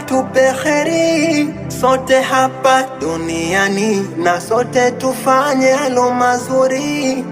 tupeheri sote hapa duniani, na sote tufanye alo mazuri,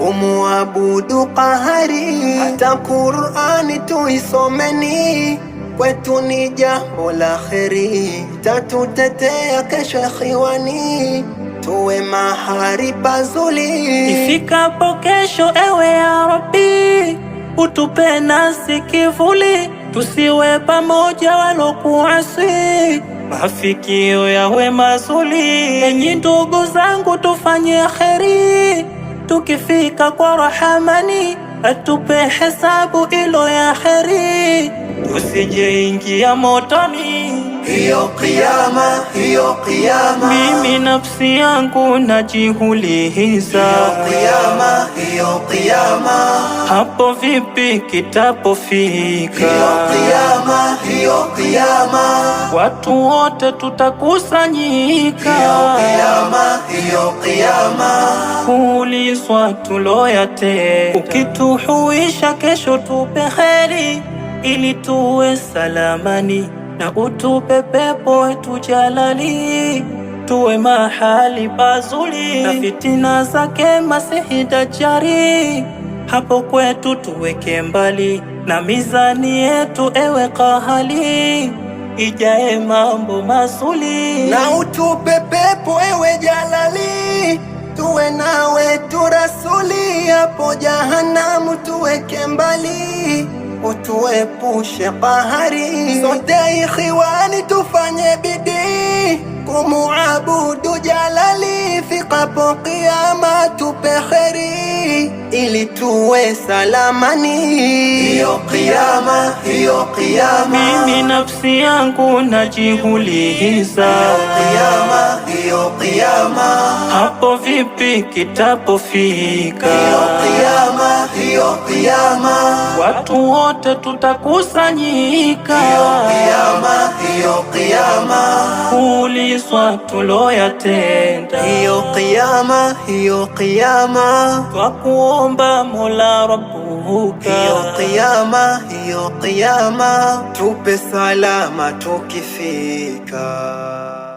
umuabudu kahari Hata Qur'ani tuisomeni, kwetu ni jambo la heri tatutetea kesho khiwani, tuwe mahari pazuri. Ifikapo kesho, ewe ya Rabbi, utupe nasi kivuli tusiwe pamoja walokuasi, mafikio yawe mazuri. Enyi ndugu zangu, tufanye kheri, tukifika kwa Rahamani atupe hesabu ilo ya kheri, tusijeingia motoni hiyo kiyama, hiyo kiyama. Mimi nafsi yangu najihulihiza hiyo kiyama, hiyo kiyama hapo vipi kitapofika? Hiyo kiyama, hiyo kiyama, watu wote tutakusanyika. Hiyo kiyama, hiyo kiyama, kuulizwa tuloyatenda. Ukituhuisha kesho tupe kheri, ili tuwe salamani, na utupe pepo wetu jalali tuwe mahali pazuri, na fitina zake Masihi Dajjali hapo kwetu, tuweke mbali na mizani yetu, ewe kahali, ijae mambo masuli, na utupe pepo ewe jalali, tuwe nawe rasuli hapo jahanamu tuweke mbali utuepushe kahari, sote ikhiwani tufanye bidii kumuabudu Jalali fikapo kiyama ili tuwe salamani. Hiyo kiyama, hiyo kiyama, mimi nafsi yangu najiuliza, kiyama, hiyo kiyama, hapo vipi kitapofika? Hiyo kiyama, hiyo kiyama, watu wote tutakusanyika, hiyo kiyama, hiyo kiyama, kuulizwa tuloyatenda, hiyo Kiyama, hiyo kiyama, kwa kuomba Mola Rabbuka. Hiyo kiyama, hiyo kiyama, tupe salama tukifika.